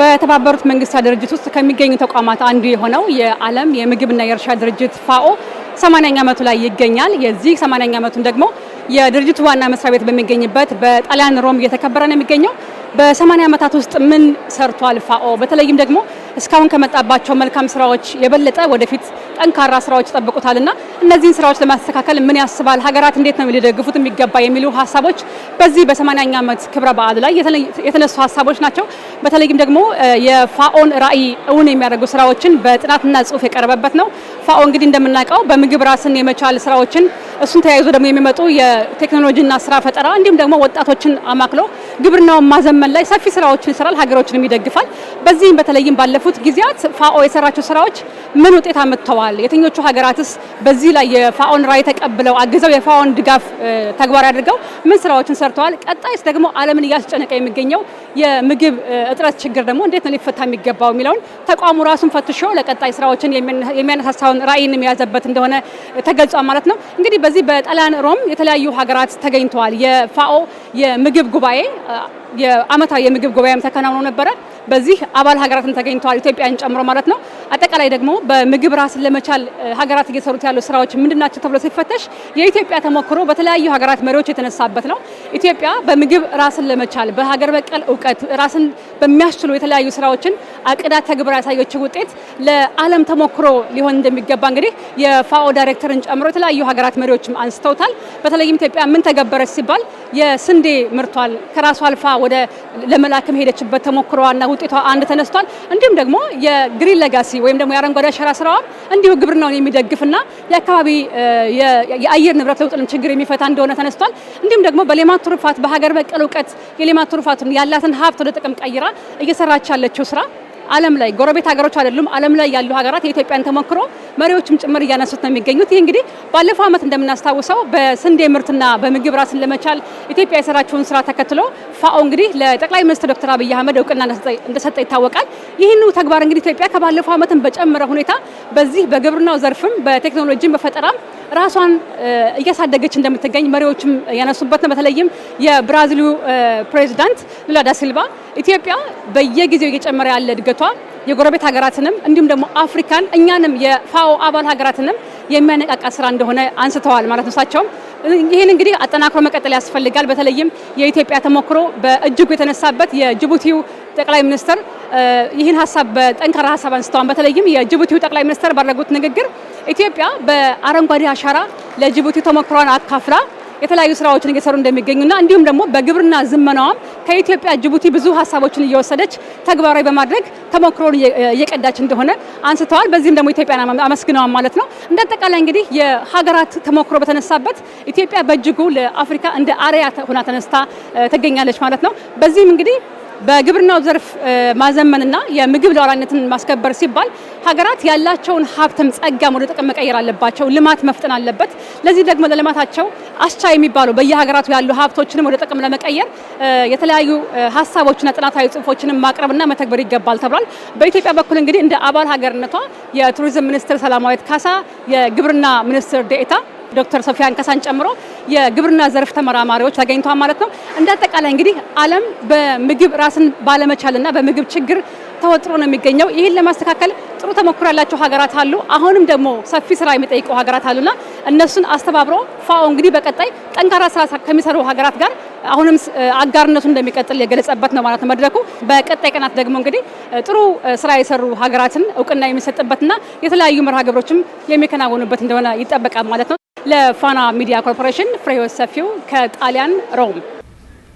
በተባበሩት መንግስታት ድርጅት ውስጥ ከሚገኙ ተቋማት አንዱ የሆነው የዓለም የምግብና የእርሻ ድርጅት ፋኦ 80ኛ ዓመቱ ላይ ይገኛል። የዚህ 80ኛ ዓመቱን ደግሞ የድርጅቱ ዋና መስሪያ ቤት በሚገኝበት በጣሊያን ሮም እየተከበረ ነው የሚገኘው። በ80 ዓመታት ውስጥ ምን ሰርቷል ፋኦ? በተለይም ደግሞ እስካሁን ከመጣባቸው መልካም ስራዎች የበለጠ ወደፊት ጠንካራ ስራዎች ይጠብቁታልና እነዚህን ስራዎች ለማስተካከል ምን ያስባል? ሀገራት እንዴት ነው ሊደግፉት የሚገባ የሚሉ ሀሳቦች በዚህ በ80ኛ ዓመት ክብረ በዓል ላይ የተነሱ ሀሳቦች ናቸው። በተለይም ደግሞ የፋኦን ራዕይ እውን የሚያደርጉ ስራዎችን በጥናትና ጽሁፍ የቀረበበት ነው። ፋኦ እንግዲህ እንደምናውቀው በምግብ ራስን የመቻል ስራዎችን እሱን ተያይዞ ደግሞ የሚመጡ የቴክኖሎጂና ስራ ፈጠራ እንዲሁም ደግሞ ወጣቶችን አማክሎ ግብርናውን ማዘመን ላይ ሰፊ ስራዎችን ይሰራል፣ ሀገሮችንም ይደግፋል። በዚህም በተለይም ባለፉት ጊዜያት ፋኦ የሰራቸው ስራዎች ምን ውጤት አምጥተዋል? የትኞቹ ሀገራትስ በዚህ ላይ የፋኦን ራዕይ ተቀብለው አግዘው የፋኦን ድጋፍ ተግባር አድርገው ምን ስራዎችን ሰርተዋል? ቀጣይስ ደግሞ ዓለምን እያስጨነቀ የሚገኘው የምግብ እጥረት ችግር ደግሞ እንዴት ነው ሊፈታ የሚገባው የሚለውን ተቋሙ ራሱን ፈትሾ ለቀጣይ ስራዎችን የሚያነሳሳውን ራዕይን የያዘበት እንደሆነ ተገልጿል ማለት ነው እንግዲህ በዚህ በጣሊያን ሮም የተለያዩ ሀገራት ተገኝተዋል። የፋኦ የምግብ ጉባኤ የአመታዊ የምግብ ጉባኤም ተከናውኖ ነበረ። በዚህ አባል ሀገራትን ተገኝተዋል፣ ኢትዮጵያን ጨምሮ ማለት ነው። አጠቃላይ ደግሞ በምግብ ራስን ለመቻል ሀገራት እየሰሩት ያሉ ስራዎች ምንድናቸው ተብሎ ሲፈተሽ የኢትዮጵያ ተሞክሮ በተለያዩ ሀገራት መሪዎች የተነሳበት ነው። ኢትዮጵያ በምግብ ራስን ለመቻል በሀገር በቀል እውቀት ራስን በሚያስችሉ የተለያዩ ስራዎችን አቅዳ ተግብራ ያሳየች ውጤት ለዓለም ተሞክሮ ሊሆን እንደሚገባ እንግዲህ የፋኦ ዳይሬክተርን ጨምሮ የተለያዩ ሀገራት መሪዎችም አንስተውታል። በተለይም ኢትዮጵያ ምን ተገበረች ሲባል የስንዴ ምርቷን ከራሷ አልፋ ወደ ለመላክም ሄደችበት ተሞክሯና ውጤቷ አንድ ተነስቷል። እንዲሁም ደግሞ የግሪን ሌጋሲ ወይም ደግሞ የአረንጓዴ አሻራ ስራዋ እንዲሁ ግብርናውን የሚደግፍና የአካባቢ የአየር ንብረት ለውጥንም ችግር የሚፈታ እንደሆነ ተነስቷል። እንዲሁም ደግሞ በሌማት ትሩፋት በሀገር በቀል እውቀት የሌማት ትሩፋትን ያላትን ሀብት ወደ ጥቅም ቀይራ እየሰራች ያለችው ስራ ዓለም ላይ ጎረቤት ሀገሮች አይደሉም፣ ዓለም ላይ ያሉ ሀገራት የኢትዮጵያን ተሞክሮ መሪዎችም ጭምር እያነሱት ነው የሚገኙት። ይህ እንግዲህ ባለፈው ዓመት እንደምናስታውሰው በስንዴ ምርትና በምግብ ራስን ለመቻል ኢትዮጵያ የሰራችውን ስራ ተከትሎ ፋኦ እንግዲህ ለጠቅላይ ሚኒስትር ዶክተር አብይ አህመድ እውቅና እንደሰጠ ይታወቃል። ይህንኑ ተግባር እንግዲህ ኢትዮጵያ ከባለፈው ዓመትን በጨመረ ሁኔታ በዚህ በግብርናው ዘርፍም በቴክኖሎጂም በፈጠራም ራሷን እያሳደገች እንደምትገኝ መሪዎችም ያነሱበት ነው። በተለይም የብራዚሉ ፕሬዚዳንት ሉላ ዳ ሲልቫ ኢትዮጵያ በየጊዜው እየጨመረ ያለ እድገቷ የጎረቤት ሀገራትንም እንዲሁም ደግሞ አፍሪካን እኛንም የፋኦ አባል ሀገራትንም የሚያነቃቃ ስራ እንደሆነ አንስተዋል ማለት ነው። እሳቸውም ይህን እንግዲህ አጠናክሮ መቀጠል ያስፈልጋል። በተለይም የኢትዮጵያ ተሞክሮ በእጅጉ የተነሳበት የጅቡቲው ጠቅላይ ሚኒስትር ይህን ሀሳብ በጠንካራ ሀሳብ አንስተዋል። በተለይም የጅቡቲው ጠቅላይ ሚኒስትር ባደረጉት ንግግር ኢትዮጵያ በአረንጓዴ አሻራ ለጅቡቲ ተሞክሯን አካፍላ የተለያዩ ስራዎችን እየሰሩ እንደሚገኙና እንዲሁም ደግሞ በግብርና ዝመናዋም ከኢትዮጵያ ጅቡቲ ብዙ ሀሳቦችን እየወሰደች ተግባራዊ በማድረግ ተሞክሮን እየቀዳች እንደሆነ አንስተዋል። በዚህም ደግሞ ኢትዮጵያን አመስግነዋል ማለት ነው። እንደ አጠቃላይ እንግዲህ የሀገራት ተሞክሮ በተነሳበት ኢትዮጵያ በእጅጉ ለአፍሪካ እንደ አርያ ሆና ተነስታ ትገኛለች ማለት ነው። በዚህም እንግዲህ በግብርናው ዘርፍ ማዘመንና የምግብ ሉዓላዊነትን ማስከበር ሲባል ሀገራት ያላቸውን ሀብትም ጸጋም ወደ ጥቅም መቀየር አለባቸው። ልማት መፍጠን አለበት። ለዚህ ደግሞ ለልማታቸው አስቻ የሚባሉ በየሀገራቱ ያሉ ሀብቶችንም ወደ ጥቅም ለመቀየር የተለያዩ ሀሳቦችና ጥናታዊ ጽሁፎችንም ማቅረብና መተግበር ይገባል ተብሏል። በኢትዮጵያ በኩል እንግዲህ እንደ አባል ሀገርነቷ የቱሪዝም ሚኒስትር ሰላማዊት ካሳ፣ የግብርና ሚኒስትር ዴኤታ ዶክተር ሶፊያን ከሳን ጨምሮ የግብርና ዘርፍ ተመራማሪዎች ተገኝተዋል ማለት ነው። እንደ አጠቃላይ እንግዲህ ዓለም በምግብ ራስን ባለመቻልና በምግብ ችግር ተወጥሮ ነው የሚገኘው። ይህን ለማስተካከል ጥሩ ተሞክሮ ያላቸው ሀገራት አሉ። አሁንም ደግሞ ሰፊ ስራ የሚጠይቀው ሀገራት አሉና እነሱን አስተባብሮ ፋኦ እንግዲህ በቀጣይ ጠንካራ ስራ ከሚሰሩ ሀገራት ጋር አሁንም አጋርነቱ እንደሚቀጥል የገለጸበት ነው ማለት ነው መድረኩ። በቀጣይ ቀናት ደግሞ እንግዲህ ጥሩ ስራ የሰሩ ሀገራትን እውቅና የሚሰጥበትና የተለያዩ መርሃ ግብሮችም የሚከናወኑበት እንደሆነ ይጠበቃል ማለት ነው። ለፋና ሚዲያ ኮርፖሬሽን ፍሬህይወት ሰፊው ከጣሊያን ሮም